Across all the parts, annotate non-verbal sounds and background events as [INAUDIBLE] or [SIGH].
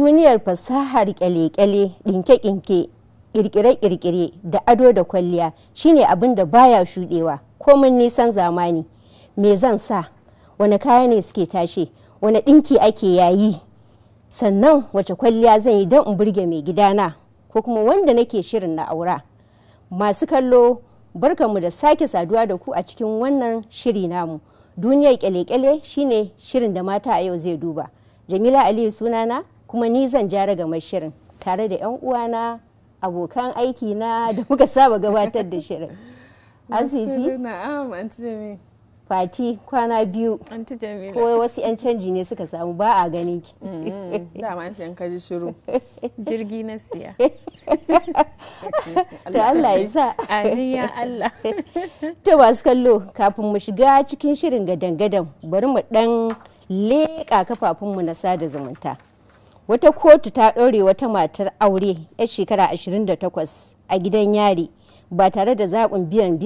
duniyar fasahar kyale-kyale ɗinke-ɗinke ƙirƙire-ƙirƙire da ado da kwalliya shine abin da baya shuɗewa komin nisan zamani me zan sa wani kaya ne suke tashe wani ɗinki ake yayi sannan wace kwalliya zan yi don in burge mai gidana ko kuma wanda nake shirin na aura masu kallo barkanmu da sake saduwa da ku a cikin wannan shiri namu duniyar kyale-kyale shine shirin da mata a yau zai duba jamila aliyu sunana kuma ni zan ja ga shirin tare da 'yan uwana abokan aiki na da muka saba gabatar da shirin asisi fati kwana biyu ko wasu 'yan canji ne suka samu ba a ganin ki mm-hmm. [LAUGHS] dama an ce kaji shiru [LAUGHS] jirgi na siya [LAUGHS] ta Allah ya sa ya Allah to masu kallo kafin mu shiga cikin shirin gadan-gadan bari mu dan leƙa kafafunmu na sada zumunta wata kotu ta ɗaure wata matar aure 'yar shekara 28 a gidan yari ba tare da zaɓin biyan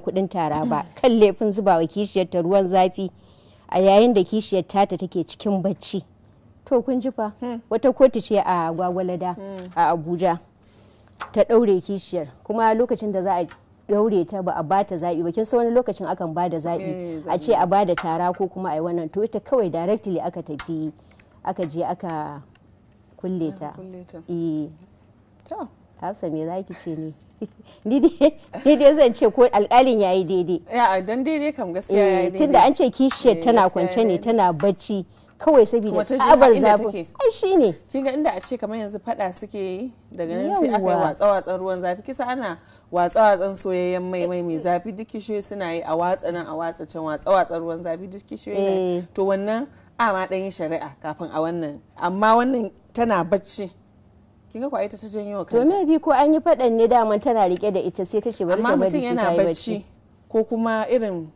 kuɗin tara ba [CLEARS THROAT] kan laifin zuba wa kishiyar ta ruwan zafi a yayin da kishiyar tata take cikin bacci to kun ji fa hmm. wata kotu ce a gwagwalada hmm. a abuja ta ɗaure kishiyar kuma lokacin da za a ɗaure ta ba a ba ta zaɓi ba kin san wani lokacin akan da zaɓi a ce a ba da tara ko kuma a yi wannan to ita kawai directly aka tafi aka je aka kulle ta eh. hafsa me za ki ce ne [LAUGHS] ni dai zan ce ko alkalin ya yi daidai ya dan daidai kam gaskiya ya yi eh, daidai tunda an ce kishiyar eh, tana kwance ne tana bacci kawai saboda tsabar zafi ai shi ne kin ga inda a ce kamar yanzu fada suke yi daga nan sai aka yi watsa watsan ruwan zafi kisa ana watsa watsan soyayyen mai mai mai zafi duk kishiyoyi suna yi a watsa nan a watsa can watsa watsan ruwan zafi duk kishiyoyi to wannan a ma ɗan yi shari'a kafin a wannan amma wannan tana bacci kin ga kwa ita ta janyo kanta to bi ko an yi faɗan ne daman tana rike da ita sai ta ce bari ta bari mutum yana bacci ko kuma irin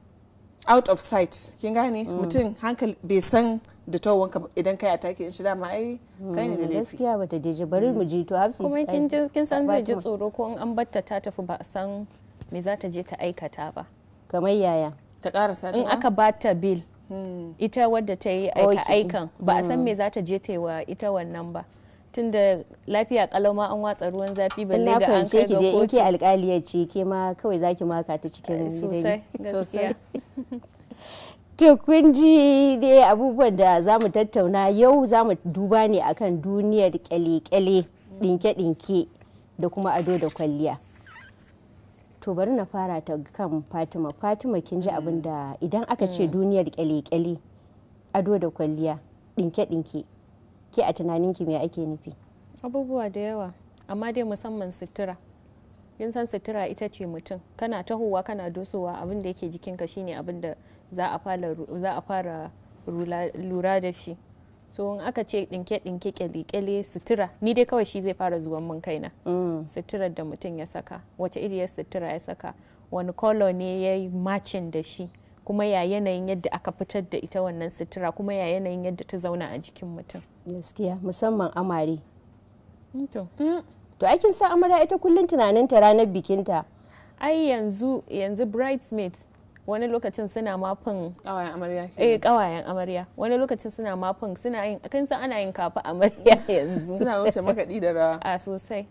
out of sight kin gane mm. mutum hankali bai san da tawon ka idan kai in shi dama ai kai ne da mm, laifi gaskiya bata je bari mu mm. ji to hafsi kuma kin kin san zai ji tsoro ko an batta ta tafi ba san me za ta je ta aikata ba kamar yaya ta karasa in aka bata bill Hmm. ita wadda ta yi aikan ba a san hmm. me za ta je ta wa ita wannan ba tun da lafiya kalama an watsa ruwan zafi ba ne ga an kai ga kotu alƙali ya ce ke ma kawai zaki maka ta cikin eh, sosai [LAUGHS] to kun ji dai abubuwan da za mu tattauna yau za mu duba ne akan duniyar kyale-kyale ɗinke-ɗinke da kuma ado da kwalliya. to bari na fara ta kan fatima fatima kin ji abin da mm. idan aka ce mm. duniyar kyale-kyale ado da kwalliya dinke-dinke ke a tunaninki me ake nufi abubuwa da yawa amma dai musamman sutura yin san sutura ita ce mutum kana tahowa kana dosowa abin da yake jikinka shine abin da za a fara lura da shi so in aka ce dinke dinke kyali kyale sutura ni dai kawai shi zai fara zuwan mun kaina na. Mm. suturar da mutum ya saka wace iriyar sutura ya saka wani kolo ne ya yi macin da shi kuma ya yanayin yadda aka fitar da ita wannan sutura kuma ya yanayin yadda ta zauna a jikin mutum gaskiya musamman amare mm, to mm. aikin sa amara ita kullum tunanin ta ranar bikinta ai yanzu yanzu bridesmaids wani lokacin suna mafin kawayen amarya eh kawayen amarya wani lokacin suna mafin suna yin kan san ana yin kafa amarya [LAUGHS] yanzu suna wuce makadi da rawa a sosai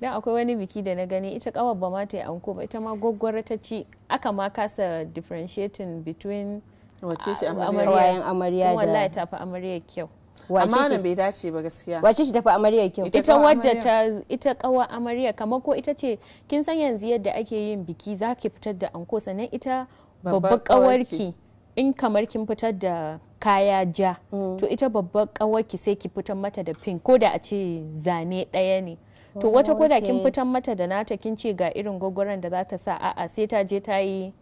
dan akwai wani biki da na gani ita kawar ba ma ta yi anko ba ita ma gwaggwar ta ci aka ma kasa differentiating between wace ce amarya amarya da wallahi tafi amarya kyau amana bai dace ba gaskiya wace ce tafi amarya kyau ita wadda ta ita kawa amarya kamar ko ita ce kin san yanzu yadda ake yin biki zaki fitar da anko sannan ita babbar kawarki in kamar kin fitar da kaya ja mm. to ita babbar kawarki sai ki fitar mata da pink ko da a ce zane ɗaya ne to wata ko da kin oh, fitar mata da nata kin ce ga irin gogoran da za ta sa a'a sai ta je ta yi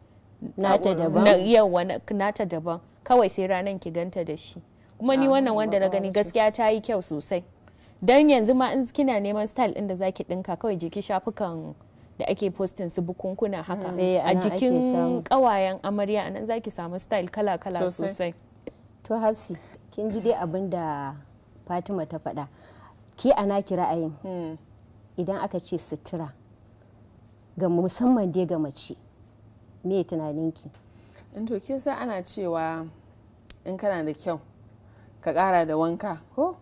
nata daban kawai sai ranan ki ganta da shi kuma ni wannan wanda na gani gaskiya ta yi kyau sosai don yanzu ma in kina neman style din da zaki dinka kawai jiki shafukan da ake postin su bukunkuna haka ah, eh, a jikin kawayen amarya anan zaki samu style kala kala sosai to hafsi kin ji dai abin da fatima ta faɗa ki ana ki ra'ayin hmm. idan aka ce sutura ga musamman dai ga mace me tunaninki in to kin ana cewa in kana da kyau ka kara da wanka ko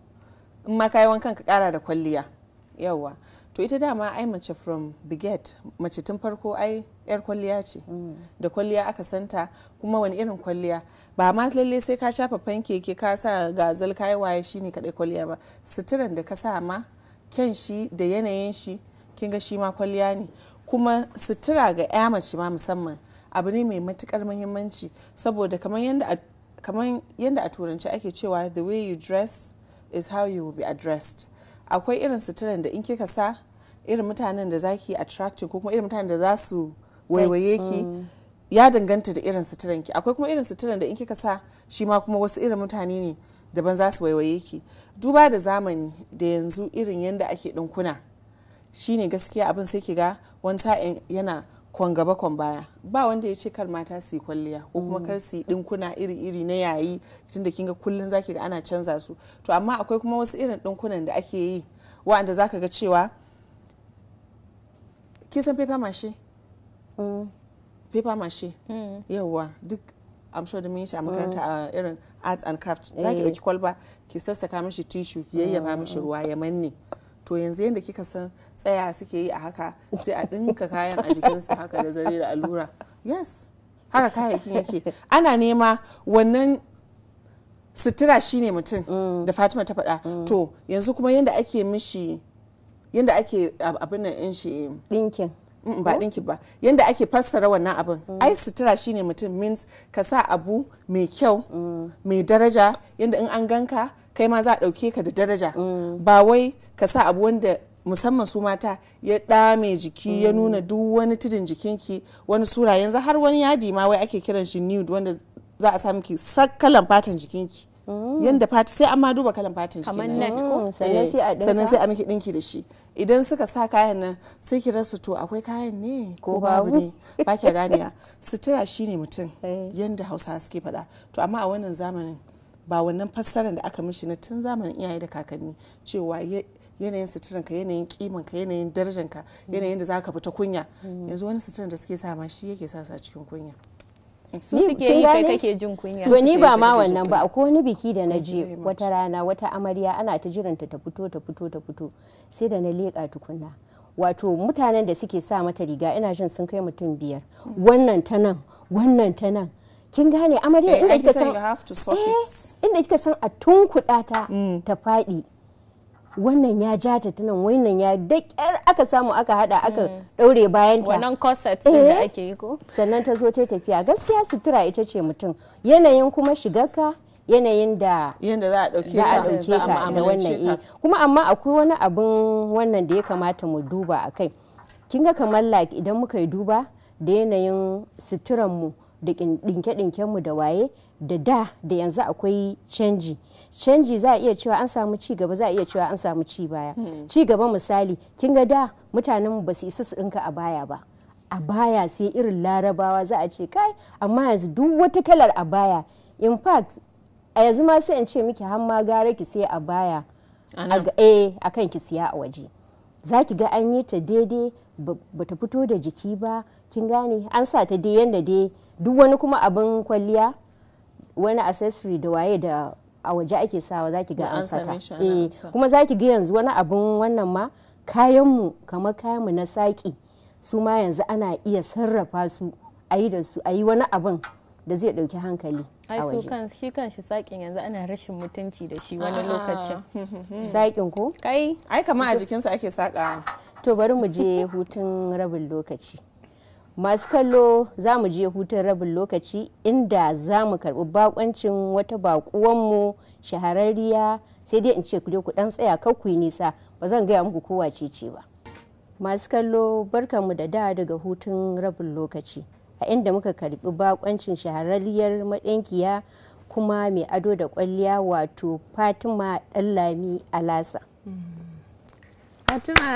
in ma kayi wankan ka kara da kwalliya yawa to ita dama ai mace from biget mace tun farko ai yar kwalliya ce da kwalliya aka santa kuma wani irin kwalliya ba ma lalle sai ka shafa fankeke ka sa gazal kayi waye shine kadai kwalliya ba suturan da ka sa ma kyan shi da yanayin shi kin ga shi ma kwalliya ne kuma sutura ga ya mace ma musamman abu ne mai matukar muhimmanci saboda kamar yadda kamar yadda a turanci ake cewa the way you dress is how you will be addressed akwai irin suturan da in kika sa irin mutanen da za ki attracting ko kuma irin mutanen da za su waiwaye ki mm. ya danganta da irin suturan ki akwai kuma irin suturan da in kika sa shi ma kuma wasu irin mutane ne daban za su waiwaye ki duba da zamani da yanzu irin yadda ake dinkuna shine gaskiya abin sai ki ga wani sa'in yana kwan gaba kwan baya ba wanda ya ce kar mata su yi kwalliya ko kuma mm. kar su yi dinkuna iri-iri na yayi tun tunda kinga kullun zaki ga ana canza su to amma akwai kuma wasu irin dinkunan da ake yi wa'anda zaka ga cewa ki san paper mache mm. paper mache mm. yawwa duk am sure da mun shi a makaranta a irin arts and crafts zaki dauki eh. kwalba ki sassaka mashi tissue ki yayyafa mishi ruwa ya manne to yanzu yadda kika san tsaya suke yi a haka sai a dinka kayan a jikinsu haka da zare da allura yes haka kayayyakin yake ana nema wannan sutura shine mutum mm. da fatima ta faɗa mm. to yanzu kuma yadda ake mishi yadda ake abin nan shi ɗinkin mm, ba ɗinki ba yadda ake fassara wannan abin ai sutura shine mutum means ka sa abu mai kyau mai daraja yadda in an ganka kai ma za a ɗauke ka da daraja mm. ba wai ka sa abu wanda musamman su mata ya ɗame jiki ya mm. nuna duk wani tudun jikinki wani sura yanzu har wani yadi ma wai ake kiran shi nude wanda za a samu ki sakkalan fatan jikinki mm. yanda fata sai amma duba kalan fatan jikin eh, sannan sai a miki ɗinki da shi idan suka sa kayan nan sai ki rasu to akwai kayan ne ko babu ne ba ki ganiya sutura shine mutum [LAUGHS] eh. yanda hausa suke faɗa to amma a wannan zamanin ba wannan fassarar da aka mishi na tun zamanin iyaye da kakanni cewa yanayin suturan ka yanayin kiman ka yanayin darajar ka mm. yanayin da zaka fita kunya mm. yanzu wani suturan da suke sama shi yake sa sa cikin mm. kunya su suke yi kai kake jin kunya to ni ba ma wannan ba akwai wani biki da na je wata rana wata amarya ana ta jiranta ta fito ta fito ta fito sai da na leƙa tukunna wato mutanen da suke sa mata riga ina jin sun kai mutum biyar wannan ta nan wannan ta nan kin gane amarya eh, inda kika san eh, inda kika san a tunkuɗa ta mm. ta faɗi wannan ya ja ta tunan wannan ya da kyar aka samu aka hada aka daure mm. bayan ta wannan corset din da eh. ake yi ko sannan ta zo ta tafiya gaskiya sutura ita ce mutum yanayin kuma shigarka yanayin da za a dauke ka da wannan eh kuma amma akwai wani abin wannan da ya kamata mu duba akai kin ga kamar like idan muka yi duba da yanayin suturan mu da ɗinke mu da waye da da da yanzu akwai canji canji za a iya cewa an samu ci gaba za a iya cewa an samu ci baya hmm. ci gaba misali kin ga da mutanen ba su isa su dinka a baya ba a baya sai irin larabawa za a ce kai amma yanzu duk wata kalar a baya in fact a yanzu ma sai in ce miki har ma gara ki sai a baya a eh, kan ki siya a waje za ki ga an yi ta daidai ba ta fito da jiki ba kin gane an sa ta dai yanda dai duk wani kuma abin kwalliya wani accessory da waye da a waje ake sawa zaki ga an saka eh kuma zaki ga yanzu wani abin wannan ma kayan kama kamar mu na saki su ma yanzu ana iya sarrafa su a yi da su a yi wani abin da zai ɗauki hankali ai su kan shi kan shi sakin yanzu ana rashin mutunci da shi wani ah. lokacin sakin ko kai ai kamar a jikinsa ake saka to bari mu je hutun rabin lokaci masu kallo za mu je hutun rabin lokaci inda za mu karbi bakoncin wata bakuwanmu shahararriya sai dai in ce ku je ku dan tsaya kar ku nisa ba zan gaya muku kowa ce ba masu kallo barkanmu da da daga hutun rabin lokaci a inda muka karbi bakoncin shahararriyar madankiya kuma mai ado da kwalliya wato fatima ɗanlami alasa mm. fatima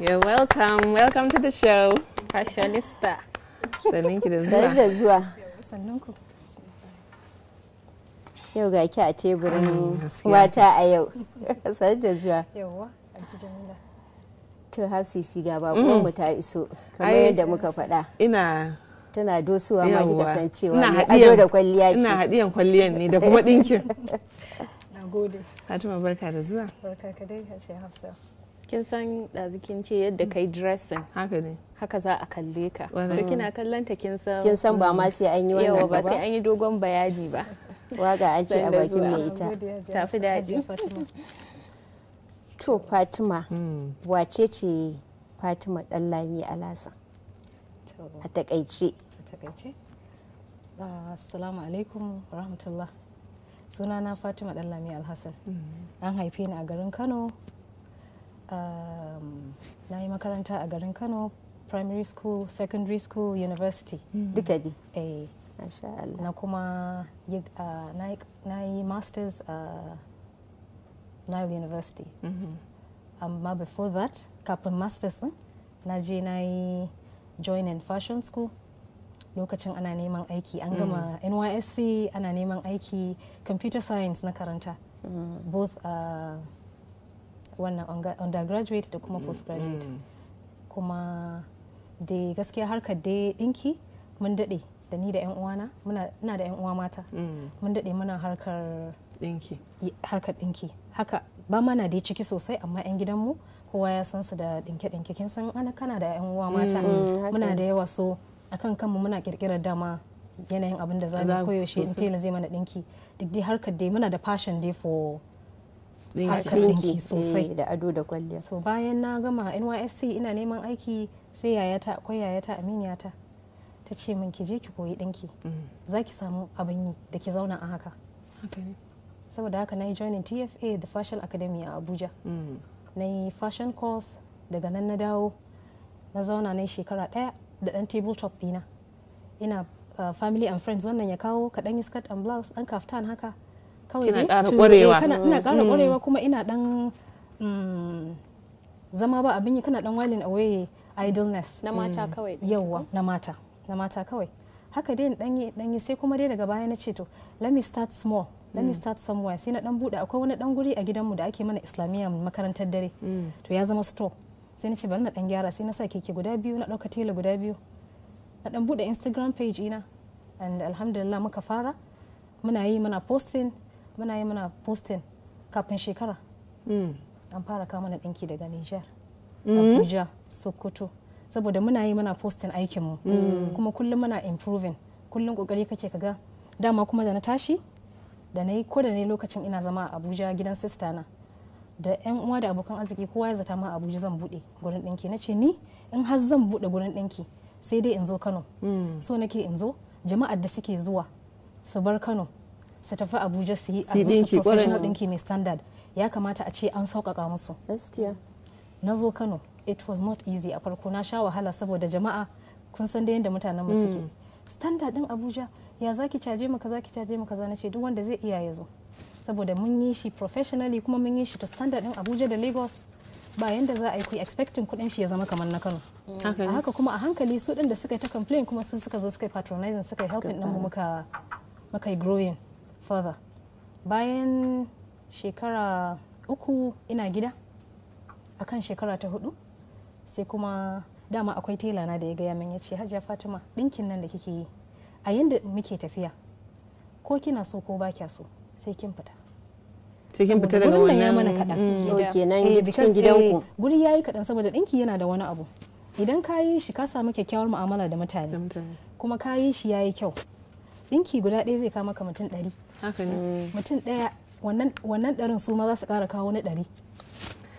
You're welcome. Welcome to the show. Fashionista. Sannin ki da zuwa. da zuwa. Sannin ku. Yau ga ki a teburin mm, wata a yau. [LAUGHS] Sannin da zuwa. Yauwa, a ki Jamila. To Hafsisi ga bakon mm. mu ta iso kamar yadda muka faɗa. Ina tana dosuwa ma kika san cewa ina hadiyan da kwalliya ce. Ina hadiyan kwalliyan ne da kuma dinkin. [LAUGHS] Nagode. Fatima barka da zuwa. Barka ka dai Hafsa. kin san ɗazikin ce yadda kai dressing haka ne haka za a kalle ka to kina kallon ta kin san kin san ba ma sai an yi wannan ba sai an yi dogon bayani ba waga aje a bakin mai ita tafi daji to fatima hmm. wace ce fatima ɗanlami alasa a takaice ah, assalamu alaikum rahmatullah sunana fatima ɗanlami alhassan hmm. an haife ni a garin kano Um, na yi makaranta a garin kano primary school secondary school university mm-hmm. duka ji eh na kuma uh, na yi masters a uh, nile university mm-hmm. amma before that kafin masters din na je na yi join in fashion school lokacin ana neman aiki an gama mm. nysc ana neman aiki computer science na karanta mm-hmm. both uh, wannan undergraduate da kuma mm, postgraduate mm. kuma da gaskiya harkar dai ɗinki mun daɗe da ni da 'yan uwana muna da 'yan uwa mata mm. mun daɗe muna harkar ɗinki haka ba ma na dai ciki sosai amma 'yan gidanmu kowa ya san su da ɗinke-ɗinke kin san ana kana da 'yan uwa mata muna da yawa so akan kanmu muna kirkirar dama yanayin abin da za mu koyaushe in tela zai mana ɗinki duk dai harkar dai muna da passion dai for ɗinki eh, sosai da ado da kwalliya so bayan na gama nysc ina neman aiki sai yayata akwai yayata aminiyata ta ce min ki je ki koyi ɗinki mm. za ki samu abin yi da ki zauna a haka saboda haka na yi joinin tfa da fashion academy a abuja mm. na yi fashion course daga nan na dawo na zauna na shekara ɗaya da ɗan table top ɗina ina uh, family and friends wannan ya kawo kaɗan yi skirt and blouse ɗan kaftan haka kawai kina ƙara ƙwarewa ina ƙara mm. ƙwarewa kuma ina dan mm, zama ba abin yi kana dan walin away idleness na mata mm. kawai yawa na mata na mata kawai haka dai dan yi sai kuma dai daga baya na ce to let me start small let me start somewhere sai na dan bude akwai wani dan guri a gidanmu da ake mana islamiyya makarantar dare to ya zama store sai na ce bari na dan gyara sai na sa keke guda biyu na dauka tela guda biyu na dan bude instagram page ina and alhamdulillah muka fara muna yi muna posting muna yi muna posting kafin shekara mm. an fara kama na ɗinki daga niger mm. abuja sokoto saboda muna yi muna posting aikinmu mm. kuma kullum muna improving kullum kokari kake kaga dama kuma da na tashi da na yi ko da na yi lokacin ina zama a abuja gidan sista na da yan uwa da abokan arziki kowa ya zata ma abuja zan bude gurin ɗinki na ce ni in har zan bude gurin ɗinki sai dai in zo kano so nake in zo jama'ar da suke zuwa su bar kano su tafi abuja su yi a musu professional dinki mai standard ya kamata a ce an sauƙaƙa musu na zo kano it was not easy a farko na sha wahala saboda jama'a kun san da yadda mutanen mu suke mm. standard din abuja ya zaki caje maka za ki caje maka zana ce duk wanda zai iya ya zo saboda mun yi shi professionally kuma mun yi shi to standard din abuja da lagos ba yanda za a yi expecting kudin shi ya zama kamar na kano mm. a haka kuma a hankali su din da suka yi ta complain kuma su suka zo suka yi patronizing suka yi helping din mu muka muka yi growing further bayan shekara uku ina gida akan shekara ta hudu sai kuma dama akwai tela na da ya gaya min ya ce hajiya fatima ɗinkin nan da kike yi a yadda muke tafiya ko kina so ko ba kya so sai kin fita sai kin fita daga wannan ya mana kaɗan mm. kenan eh, cikin gidanku eh, guri yayi kaɗan saboda ɗinki yana da wani abu idan ka yi shi ka samu kyakkyawar mu'amala da mutane kuma ka yi shi yayi kyau ɗinki guda ɗaya zai kama ka mutum ɗari Mm. mutum ɗaya wannan ɗarin su ma za su ƙara kawo na ɗari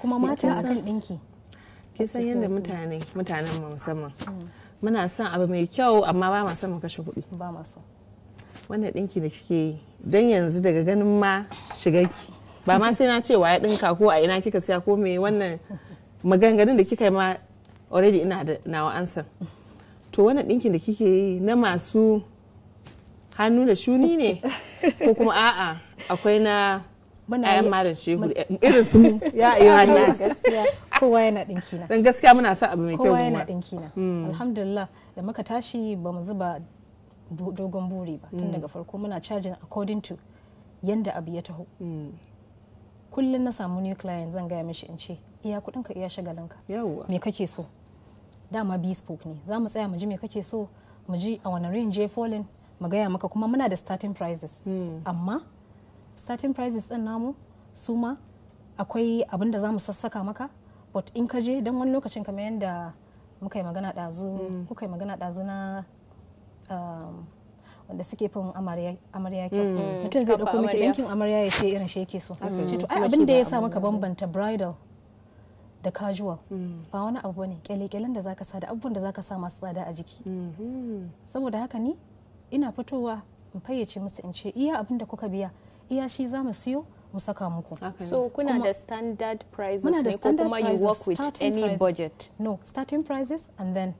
kuma mata a kan ɗinki kin san yadda mutane mutanen mu musamman mm. muna son abu mai kyau amma ba masu son mu kashe kuɗi ba masu wannan ɗinki da kike yi don yanzu daga ganin ma shigarki ba ma sai na cewa ya ɗinka ko a ina kika siya ko me wannan [LAUGHS] maganganun da kika yi ma already ina da nawa ansa to wannan ɗinkin da kike yi na masu hannu da shuni ne ko kuma a'a akwai na ayan marar shehu [LAUGHS] irin su ya ayi [LAUGHS] hannu gaskiya kowa yana dinki na dan gaskiya muna sa abu mai kyau kowa yana dinki na hmm. alhamdulillah da muka tashi ba mu zuba dogon buri ba tun hmm. daga farko muna cajin according to yanda abu ya taho hmm. kullum na samu new client zan gaya mishi in ce iya kudin ka iya shagalin ka me kake so dama bespoke ne za mu tsaya mu ji me kake so mu ji a wani range falling mu gaya maka kuma muna da starting prices hmm. amma starting prices din namu su ma akwai abin da za mu sassaka maka but in ka je don wani lokacin kamar yadda muka yi magana ɗazu muka hmm. yi magana ɗazu na um, wanda suke fin amarya kyau hmm. mutum zai ɗauko miki ɗinkin amarya ya ce irin shi yake so ce to ai abin da ya sa maka bambanta bridal da casual ba wani abu bane kyale-kyalen da zaka sa da abubuwan da zaka sa masu tsada a jiki saboda haka ni ina fitowa in fayyace musu in ce iya abin da kuka biya iya shi za mu siyo mu saka muku so kuna da standard prices ne ko kuma you work with any budget no starting prices and then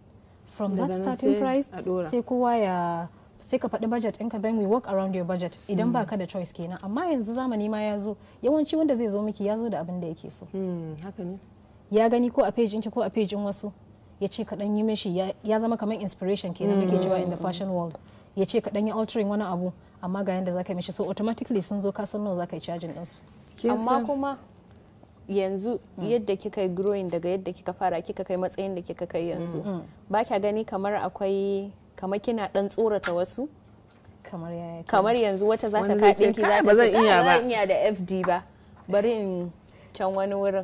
from that starting price sai kowa ya sai ka faɗi budget ɗinka then we work around your budget idan hmm. ba ka da choice kenan amma yanzu zamani ma ya zo yawanci wanda zai zo miki ya zo da abin da yake so hmm, haka ne ya gani ko a page ki ko a page wasu ya ce kaɗan yi mishi ya zama kamar inspiration kenan hmm. muke cewa in the fashion world ya ce kaɗan yi altering wani abu amma ga yadda zaka yi mishi so automatically sun zo kasan nawa zaka yi cajin ɗinsu amma kuma yanzu mm. yadda kika yi growing daga yadda kika fara kika kai matsayin da kika kai yanzu mm, mm. ba kya gani kamar akwai kamar kina ɗan tsorata wasu kamar yanzu wata za ta ka ɗinki za ta zan iya da fd ba bari in can wani wurin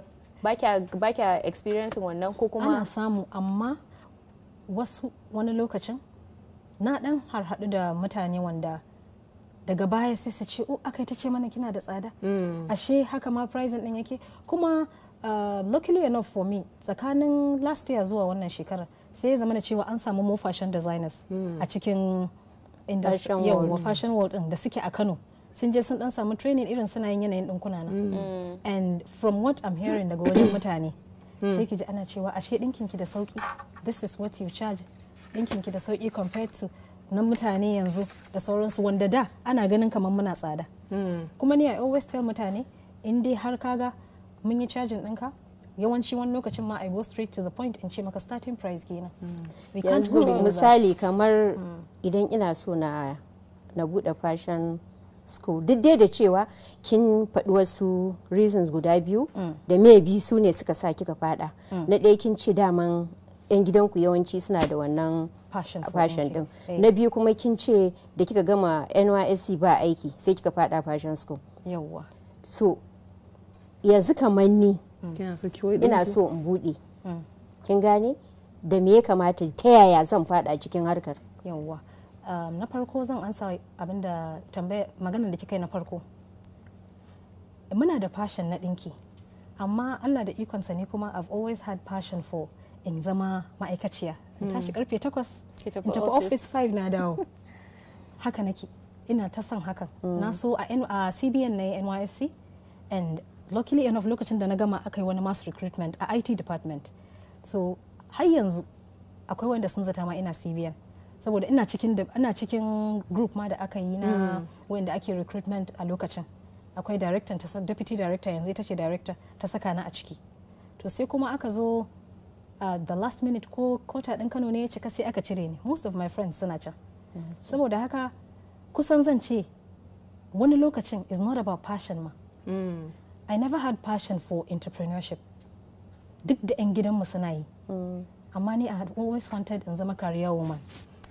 ba kya experiencing wannan ko kuma ana samu amma wasu wani lokacin na dan har hadu da mutane wanda daga baya sai su ce oh, aka ta ce mana kina da tsada mm. ashe haka ma pricing din yake kuma uh, luckily enough for me tsakanin last year zuwa wannan shekarar sai ya zama da cewa an samu more fashion designers mm. a cikin yawa fashion world din da suke a kano sun je sun dan samu training irin suna yin yanayin kuna na mm. and from what i'm hearing daga wajen mutane sai ki ji ana cewa ashe dinkin ki da sauki this is what you charge ɗinkin ki da sauki compared to nan mutane yanzu da sauransu wanda da ana ganin kamar muna tsada hmm. kuma ni i always tell mutane in dai har kaga mun yi cajin ɗinka yawanci wani lokacin ma i go straight to the point in ce maka starting price kenan hmm. yanzu misali kamar hmm. idan ina so na na buɗe fashion school duk dai da cewa kin faɗi wasu reasons guda biyu da maybe su ne suka sa kika faɗa na ɗaya kin ce daman 'yan gidanku yawanci suna da wannan fashion din eh. na biyu kuma kin ce da kika gama nysc ba aiki sai kika fada fashion school yawwa so yanzu kamar ni mm. ina so in bude mm. kin gane da me ya kamata ta yaya zan fada cikin harkar yawwa um, na farko zan ansa abinda tambaya maganar da kika yi na farko muna da fashion na dinki amma Allah da ikonsa ne kuma I've always had passion for in zama ma'aikaciya in tashi hmm. karfe 8 in tafi office 5 na dawo haka nake ina ta son hakan hmm. na so a cbn na nysc and luckily enough lokacin da na gama aka yi wani mass recruitment a it department so har yanzu akwai wanda sun zata ma ina cbn saboda ina cikin ina cikin group ma da aka yi na hmm. wanda ake recruitment a lokacin akwai director deputy director yanzu ita ce director ta saka na a ciki to sai kuma aka zo Uh, the last minute ko kota ɗin kano ne ya cika sai aka cire ni most of my friends suna can saboda haka kusan zan ce wani lokacin is not about passion ma mm. i never had passion for entrepreneurship duk da 'yan gidanmu suna yi mm. amma ni i had always wanted in zama career woman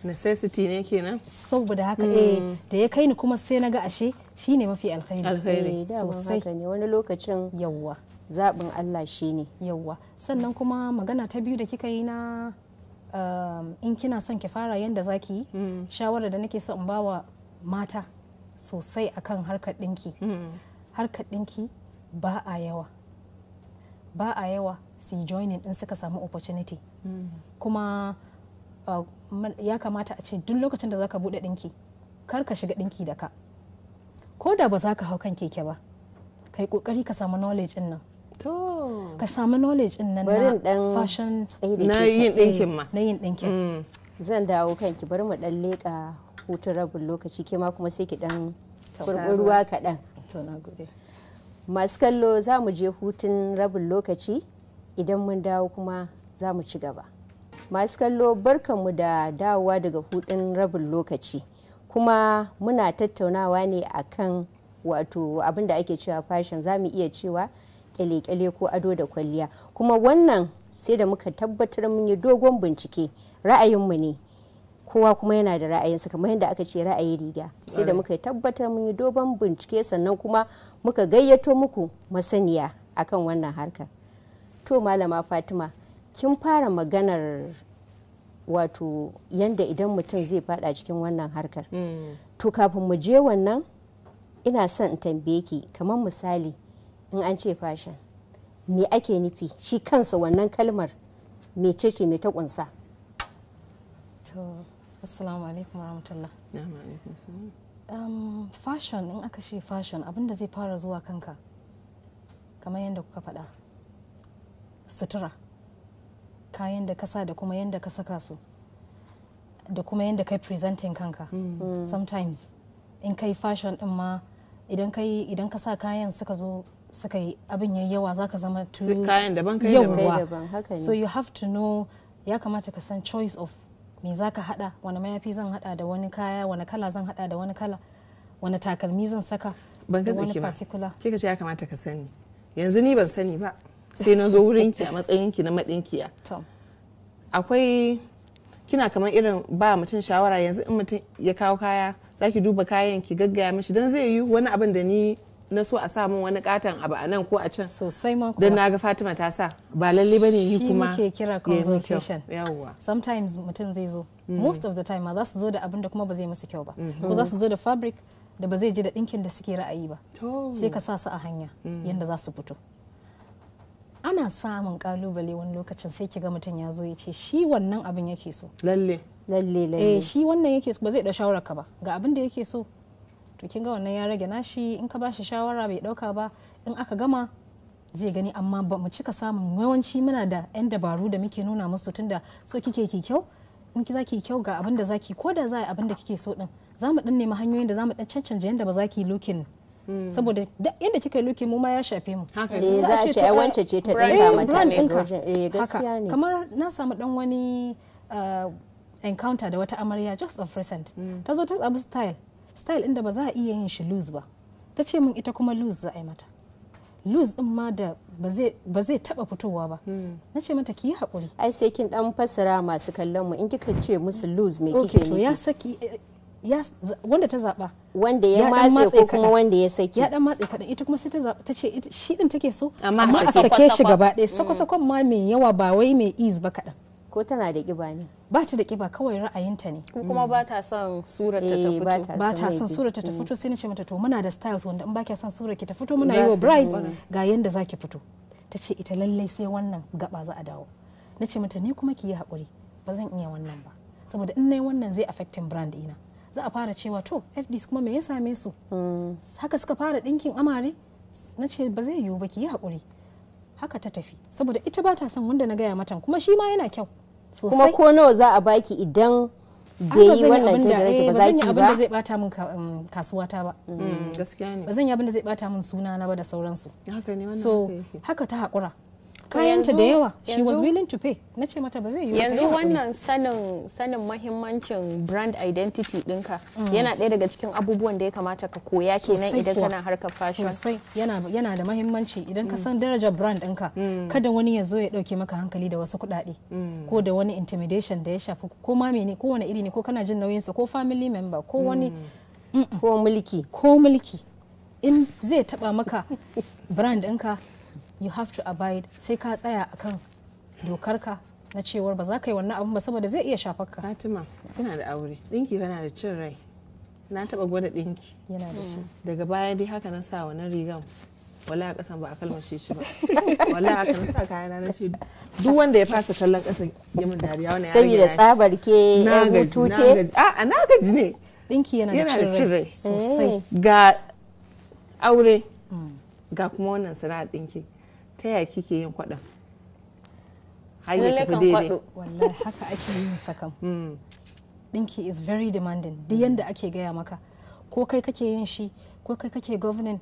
necessity ne kenan saboda haka mm. eh da ya kai ni kuma sai na ga ashe shine mafi alkhairi alkhairi eh, sosai wani lokacin yawwa zaɓin Allah shi ne yawwa sannan kuma magana ta biyu da kika yi na um, in kina son ki fara yadda za ki yi mm. shawara da nake son wa mata sosai akan harkar ɗinki mm. harkar ɗinki ba a yawa ba a yawa su yi joining in suka samu opportunity mm. kuma uh, ya kamata a ce duk lokacin da za ka buɗe ɗinki kar ka shiga ɗinki da ka ko da ba za ka hau kan keke ba kai ƙoƙari ka samu knowledge nan ka samu knowledge in nan na fashion na yin dinkin ma na yin dinkin mm. zan dawo kanki bari mu dan leƙa hutun rabin lokaci ke ma kuma sai ki dan ruwa kaɗan masu kallo za mu je hutun rabin lokaci idan mun dawo kuma za mu ci gaba masu kallo barkan mu da dawowa daga hutun rabin lokaci kuma muna tattaunawa ne akan wato abinda ake cewa fashion za mu iya cewa kyale-kyale ko ado da kwalliya kuma wannan sai da muka tabbatar mun yi dogon bincike ra'ayinmu ne kowa kuma yana da ra'ayinsa kamar yadda aka ce ra'ayi riga sai da muka tabbatar mun yi dogon bincike sannan kuma muka gayyato muku masaniya akan wannan harkar to malama fatima kin fara maganar wato yanda idan mutum zai fada cikin wannan harkar mm. to kafin mu je wannan ina son in tambaye ki kamar misali in an ce fashion me ake nufi shi kansa wannan kalmar mece ce me ta kunsa to assalamu alaikum warahmatullah um, fashion in aka ce fashion abinda zai fara zuwa kanka kamar yadda kuka faɗa sutura kayan da kasa da kuma yadda ka saka su da kuma yadda kai presenting kanka hmm. Hmm. sometimes in kai fashion din ma idan ka sa kayan suka zo suka yi abin ya yawa za ka zama tu kayan daban kai daban so you have to know ya kamata ka san choice of me za ka hada wani mayafi zan hada da wani kaya wani kala zan hada da wani kala wani takalmi zan saka ban gaza ki ba kika ce ya kamata ka sani yanzu ni ban sani ba sai na zo wurin ki a matsayinki na madinkiya akwai kina kamar irin ba mutum shawara yanzu in mutum ya kawo kaya zaki duba kayan ki gaggaya mishi don zai yi wani abin da ni na so a sa mun wani katon abu a nan ko a can sosai ma don na ga Fatima ta sa ba lalle ba ne ni kuma shi muke kira consultation yawwa sometimes mutum zai zo mm. most of the time ma za su zo da abin da kuma ba zai musu kyau ba mm-hmm. ko za su zo da fabric da ba zai ji da dinkin da suke ra'ayi ba sai ka sa su a hanya mm. yanda za su fito ana samun kalubale wani lokacin sai kiga mutum ya zo ya ce shi wannan abin yake so lalle lalle lalle eh shi wannan yake so ba zai da shawara ka ba ga abin da yake so to kin ga wannan ya rage nashi in ka bashi shawara bai dauka ba in aka gama zai gani amma ba mu cika samun yawanci muna da yan dabaru da muke nuna musu tunda so kike ki kyau in ki zaki kyau ga abin da zaki ko da za a abin da kike so din za mu dan nemi hanyoyin da za mu dan cancanta yanda ba za ki looking hmm. saboda yadda kika yi lokin mu ma ya shafe mu eh, za a ce wance ce ta dinga mata ne eh, gaskiya ne kamar na samu dan wani ah, encounter da wata amarya just of recent hmm. ta zo ta tsabi style style inda ba za a iya yin shi loose ba ta ce min ita kuma loose za a yi mata loose din ma da ba zai taba fitowa ba hmm. na ce mata ki yi haƙuri ai sai kin dan fasara masu kallon mu in kika ce musu loose me kike to ya saki eh, wanda ta zaba wanda ya matse ko kuma wanda ya saki ya dan matse kadan ita kuma sai ta zaba ta ce shi din take so amma a sake shi gaba ɗaya hmm. sako sakon ma mai yawa ba wai mai ease ba kadan ko tana da kiba ne ba ta da kiba kawai ra'ayinta ne ko kuma ba ta son surar ta eh, fito ba ta son surar ta mm. fito sai na ce mata to muna da styles wanda in ba ki son surar ki ta fito muna yi wa brides ga yanda zaki fito ta ce ita lallai sai wannan gaba za a dawo na ce mata ni kuma ki yi hakuri ba zan iya wannan ba saboda in nayi wannan zai affecting brand ina za a fara cewa to fds kuma me ya same su mm. haka suka fara ɗinkin amare na ce ba zai yiwu ba ki yi haƙuri haka ta tafi saboda ita ba ta son wanda na gaya mata kuma shi ma yana kyau sosai kuma ko nawa za a baki idan bai yi wannan eh, da ba za ki um, ba ba zai bata min kasuwa ta ba gaskiya ne ba zan yi abin da zai bata min suna na ba da sauransu haka ne wannan so haka ta hakura kayanta da yawa she was willing to pay na ce mata ba zai yi yanzu wannan sanin sanin mahimmancin brand identity dinka yana ɗaya daga cikin abubuwan da ya kamata ka koya kenan idan kana harkar fashion sosai yana yana da mahimmanci idan ka san darajar brand dinka mm. kada wani ya zo ya ɗauke maka hankali da wasu kuɗaɗe mm. ko da wani intimidation da ya shafi ko ma mene ko wani iri ne ko kana jin nauyin sa ko family member ko wani mm. ko mulki ko mulki in zai taba maka [LAUGHS] brand dinka. you have to abide sai ka tsaya akan dokarka na cewar ba za ka yi wannan abin ba saboda zai iya shafar ka fatima tana da aure dinki yana da cin rai na taba gwada dinki yana da shi daga baya dai haka na sa wannan rigan wala a kasan ba a kalmashe shi ba wala a kan sa kayana na ce duk wanda ya fasa tallan kasan ya mun dariya wannan ya saboda tsabar ke na gaji a na gaji ne dinki yana da cin rai sosai ga aure ga kuma wannan sana'a dinki ta yaya kike yin kwaɗin hanyar tafi daidai wallahi haka ake yin sakam hmm. ɗinki is very demanding duk yanda ake gaya maka ko kai kake yin shi ko kai kake governing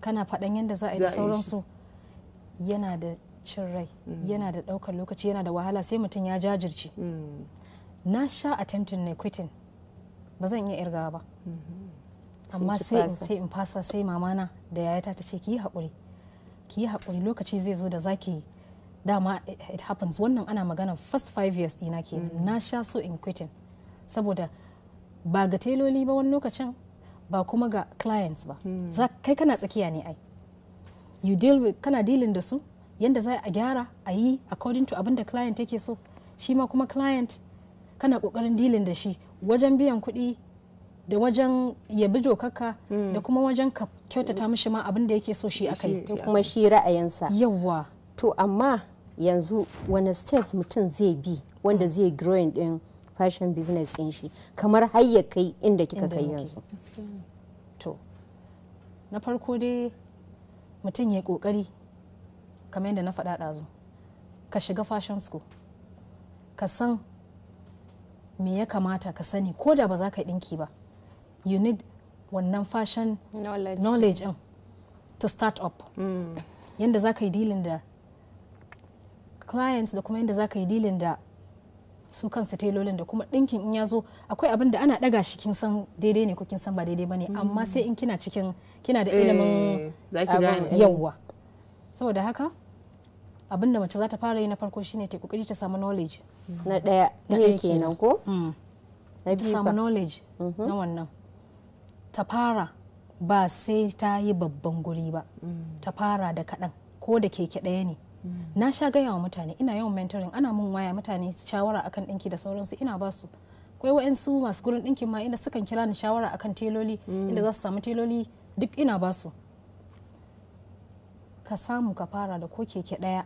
kana faɗan yanda za a yi da sauransu yana da cin rai hmm. yana da ɗaukar lokaci yana da wahala sai mutum ya jajirce hmm. na sha attempting na quitting ba zan iya irgawa ba amma sai in fasa sai mamana da yayata ta ce ki yi haƙuri ki yi haƙuri lokaci zai zo da zaki dama it happens wannan ana magana first five years ɗina ke mm. na sha so in quitting saboda ba ga teloli ba wani lokacin ba kuma ga clients ba mm. kai kana tsakiya ne ai you deal with kana dealing da su yanda za a gyara a yi according to abin da client yake so shi ma kuma client kana kokarin dealing da shi wajen biyan kuɗi da wajen yabi dokaka mm. da kuma wajen ka kyautata mishi ma abin da yake so shi a kai kuma shi ra'ayinsa yawa to amma yanzu wani steps mutum zai bi wanda mm. zai growing din fashion business din shi kamar har ya kai inda kika kai yanzu to na farko dai mutum ya yi kokari kamar yadda na faɗa ɗazu ka shiga fashion school ka san me ya kamata ka sani ko da ba za ka ɗinki ba you need wannan fashion knowledge in to start up hmm. yadda za ka yi dealing da clients da kuma yadda za ka yi dealing da su kansu tailolin da kuma ɗinkin in ya zo akwai abin da ana ɗaga shi kin san daidai ne ko kin san ba daidai ba ne hmm. amma sai in kina cikin kina da ilimin eh, yawwa saboda haka abin da mace za ta fara yi na farko shine ta kokari ta samu knowledge na ɗaya na ɗaya kenan ko hmm. na biyu samu knowledge mhm. na wannan ta fara ba sai ta yi babban guri ba ta fara da kaɗan ko da keke ɗaya ne na sha gaya wa mutane ina yawan mentoring ana mun waya mutane shawara akan ɗinki da sauransu ina ba su akwai su masu gurin ɗinkin ma inda sukan kira ni shawara akan teloli inda za su samu teloli duk ina ba su ka samu ka fara da ko keke ɗaya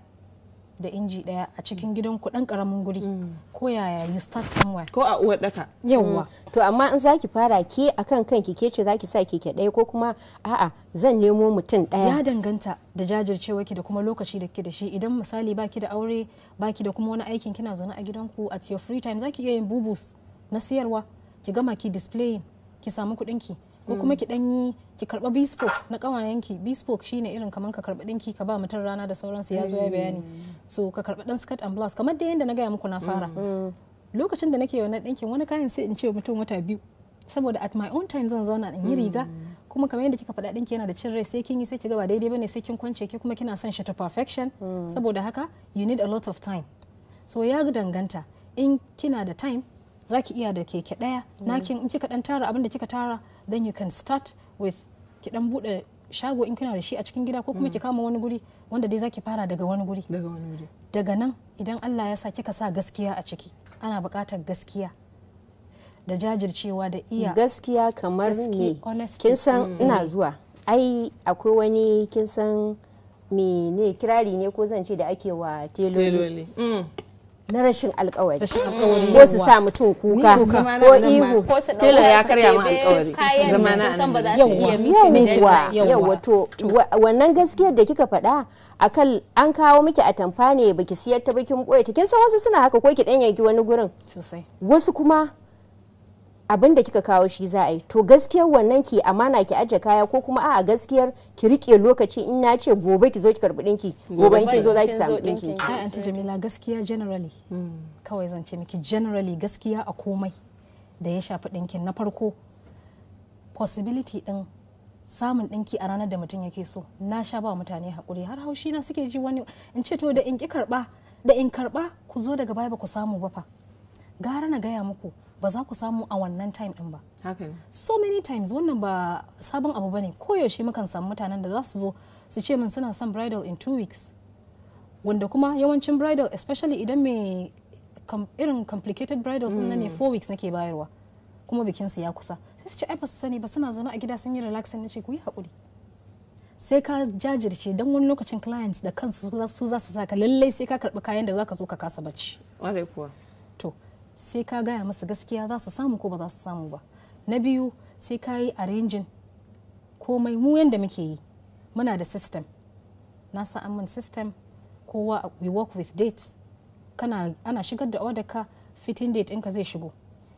da inji daya a cikin mm. gidan ku dan karamin guri mm. ko yaya you start somewhere ko a uwar daka mm. to amma in zaki fara ke akan kanki ke ce zaki sa keke daya ko kuma a'a zan nemo mutum daya ya danganta da jajircewa ki da kuma lokaci da ke da shi idan misali baki da aure baki da kuma wani aikin kina zaune a gidanku at your free time zaki iya yin bubus na siyarwa ki gama ki displaying ki samu kuɗin ki ko kuma ki dan yi ki karba bespoke na ki bespoke shine irin kaman ka karba dinki ka ba mutum rana da sauransu ya zo ya bayani mm. so ka karba dan skirt and blouse kamar da yanda na gaya muku na fara mm. Mm. lokacin da nake wannan dinkin wani kayan sai in ce mutum wata biyu saboda at my own time zan zauna in yi riga kuma kamar yadda kika faɗa ɗinki yana da cin rai sai kin yi sai kiga ba daidai bane sai kin kwance ki kuma kina son shi to perfection saboda haka you need a lot of time so ya danganta in kina da time za iya da keke daya nakin in kika dan tara abinda kika tara then you can start with ki dan bude shago in kina da shi a cikin gida ko kuma ki mm. kama wani guri wanda dai zaki fara daga wani guri daga wani guri daga nan idan Allah ya sa kika sa gaskiya a ciki ana buƙatar gaskiya da jajircewa da iya gaskiya kamar me kin san mm. ina zuwa ai akwai wani kin san me ne kirari ne ko zance da ake wa teloli na rashin alkawari ko su sa mutum kuka ko ihu tela ya karya ma alkawari to wannan gaskiyar da kika faɗa akan an kawo miki a tamfa ne baki siyar ta bakin boye ta kin san wasu suna haka ko ki dan yanki wani gurin wasu kuma abin da kika kawo shi za a yi to gaskiyar wannan ki amana ki aje kaya ko kuma a gaskiyar ki rike lokaci in na ce gobe ki zo ki karbi dinki gobe ki zo za ki samu dinki a anti jamila gaskiya generally hmm. kawai zan ce miki generally gaskiya a komai da ya shafi dinkin na farko possibility din samun dinki a ranar da mutum yake so na sha ba mutane hakuri har haushi na suke ji wani in ce to da in ki karba da in karba ku zo daga baya ba ku samu ba fa gara na gaya muku ba za ku samu a wannan time din ba so many times wannan ba sabon abu bane koyaushe mukan samu mutanen da za su zo su ce min suna son bridal in two weeks wanda kuma yawancin bridal especially idan mai irin complicated bridal sun ne mm. four weeks nake bayarwa kuma bikin su ya kusa sai su ce ai ba su sani ba suna zaune a gida sun yi relaxing nace ku yi hakuri sai ka jajirce don wani lokacin clients da kansu su za su saka lallai sai ka karbi kayan da za ka zo ka kasa bacci sai ka gaya masa gaskiya za su samu ko ba za su samu ba na biyu sai ka yi arrangin komai mu yadda muke yi muna da system na sa'an mun system kowa we work with dates kana ana shigar da order ka fitting date ɗinka zai shigo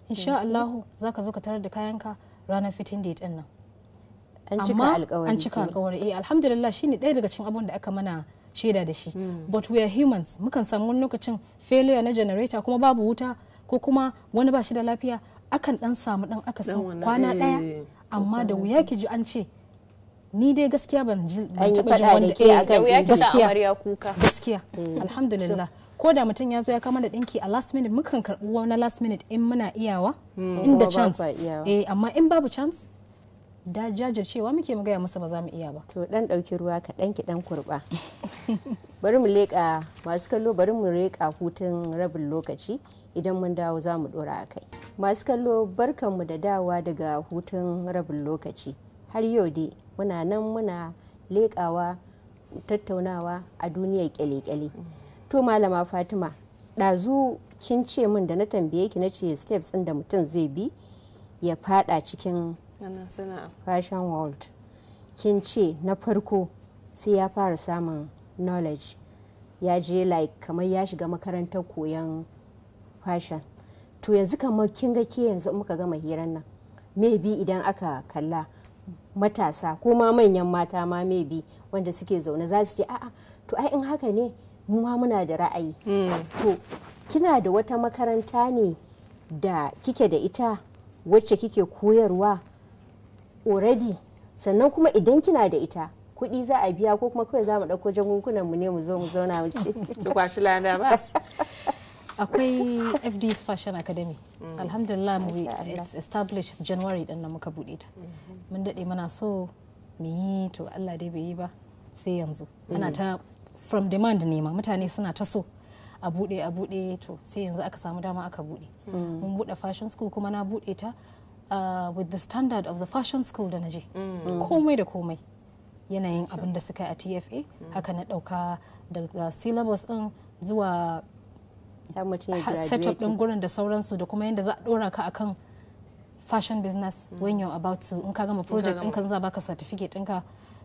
insha Allah za ka zo ka tarar da kayanka ranar fitting date ɗin nan an cika alkawari an cika alkawari eh alhamdulillah shine ɗaya daga cikin abun da aka mana shaida da shi hmm. but we are humans mukan samu wani lokacin failure na generator kuma babu wuta ko kuma wani ba shi da lafiya akan dan samu dan san kwana daya eh, amma da wuya ki ji an ce ni dai gaskiya ban ji ban taba jin wanda ke eh, gaskiya gaskiya mm. alhamdulillah ko da mutum ya zo ya kama da dinki a last minute mukan karbi wani last minute in muna iyawa mm. in da chance eh amma in babu chance da jajircewa muke mu gaya masa ba za mu iya ba to dan dauki ruwa ka dan ki dan kurba [LAUGHS] bari mu leka masu kallo bari mu leka hutun rabin lokaci idan mun dawo za mu dora a kai masu kallo barkanmu da dawa daga hutun rabin lokaci har yau dai muna nan muna leƙawa tattaunawa a duniyar kyale-kyale to malama fatima ɗazu kin ce min da na tambaye ki na ce steps ɗin da mutum zai bi ya fada cikin fashion world kin ce na farko sai ya fara samun knowledge ya je like kamar ya shiga makarantar koyon fashion to yanzu kamar kin ga ke yanzu muka gama hirar nan bi idan aka kalla matasa ko ma manyan mata ma maybe wanda suke zaune za su ce a'a to ai in haka ne mu ma muna da ra'ayi hmm. to kina da wata makaranta ne da kike da ita wacce kike koyarwa already sannan kuma idan kina da ita kuɗi za a biya ko kuma kawai za mu ɗauko jagungunan mu ne mu zo mu zauna mu ce. [LAUGHS] Duk ba. [LAUGHS] akwai fds fashion academy alhamdulillah mu establish january din nan muka bude ta mun dade muna so mu yi to allah dai bai yi ba sai yanzu ana mm. ta from demand ne ma mutane suna ta so a bude a bude to sai yanzu aka samu dama aka bude mm. mun bude fashion school kuma na bude ta uh, with the standard of the fashion school da naje mm. komai da komai yanayin abin da suka yi a tfa haka na dauka daga syllabus din zuwa setup din gurin da sauransu da kuma yadda za a dora ka akan fashion business hmm. when you're about to in ka gama project in ka za baka certificate ɗinka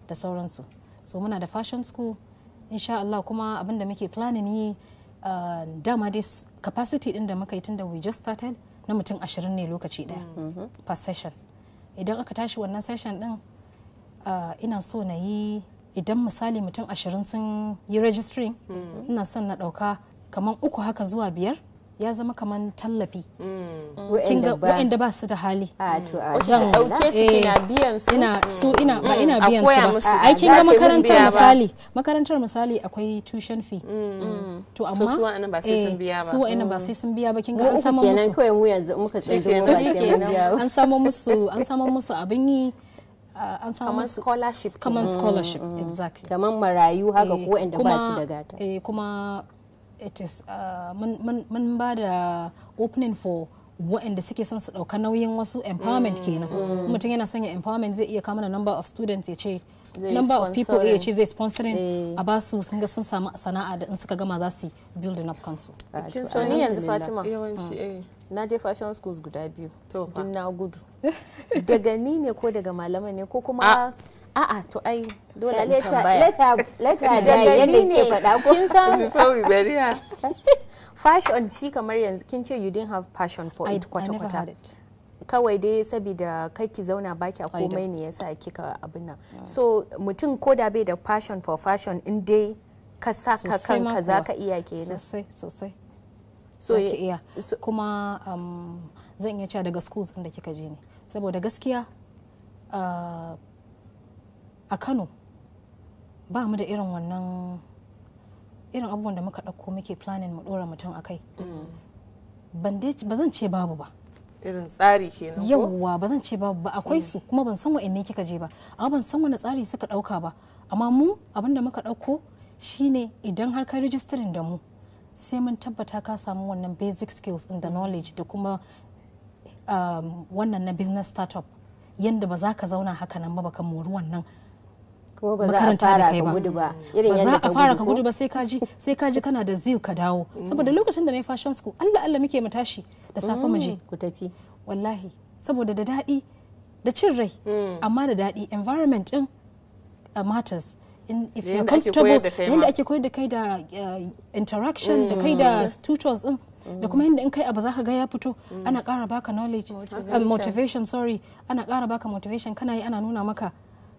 da sauransu so muna da fashion school insha Allah kuma abin da muke planning yi uh, dama dai capacity din da muka yi tun da we just started na mutum ashirin ne lokaci daya hmm. mm-hmm. per session idan aka tashi wannan session din uh, ina so na yi idan misali mutum ashirin sun yi registering hmm. ina son na ɗauka kamar uku haka zuwa biyar ya zama kamar tallafi mm. wa'inda ba su da hali don eh, ina su ina ba ina mm. biyan su ba aikin ga makarantar misali makarantar misali akwai tuition fee mm. to amma su wa'ina eh, ba sai sun biya ba kin ga an samu musu kawai mu yanzu muka tsindo ba an samu musu an samu musu abin yi Kamar ah, an samu scholarship Kamar scholarship exactly marayu haka ko inda ba su da gata eh, kuma it is uh, mun ba da opening for waɗanda suke son su ɗauka nauyin wasu empowerment mm, kenan mm. mutum yana sanya empowerment zai iya kama da number of students ya ce number of people ya ce zai sponsoring eh. a ba su sun ga sun samu sana'a da in suka gama za su building up kansu ni yanzu fatima hmm. eh. na je fashion schools guda biyu din na gudu [LAUGHS] daga ni ne ko daga malaman ne ko kuma ah. a'a to ai dole tambaya leta da yadda ke faɗa ko kin san before we [LAUGHS] fashion shi kamar yanzu kin ce you didn't have passion for it kwata kwata kawai dai saboda kai ki zauna baki a komai ne yasa kika abin nan so mutum ko da bai da passion for fashion in dai ka saka kanka zaka iya kenan sosai sosai so iya kuma um, zan iya cewa daga schools inda kika je ne saboda gaskiya uh, a kano ba mu da irin wannan irin abubuwan da muka ɗauko muke planning mu ɗora mutum a kai mm. ba zan ce babu ba irin tsari kenan ko yawwa ba zan ce babu ba akwai mm. su kuma ban san wa'anne kika je ba amma ban san wani tsari suka ɗauka ba amma mu abinda muka ɗauko shine idan har ka rijistirin da mu sai mun tabbata ka samu wannan basic skills in the knowledge da kuma um, wannan na business startup yadda ba za ka zauna haka nan ba baka mori wannan kuma ba za a fara ka gudu ba irin yadda ka fara ka gudu ba sai ka ji sai ka ji kana da zil ka dawo mm. saboda lokacin da na yi fashion school Allah Allah muke mu tashi da safe mu je mm, ku tafi wallahi saboda da daɗi da cin rai mm. amma da daɗi environment din uh, matters in if you're comfortable yadda ake koyar da kai da uh, interaction da kai da tutors din da kuma yadda in kai abu ka ga ya fito ana kara baka knowledge uh, motivation sorry ana kara baka motivation kana yi ana nuna maka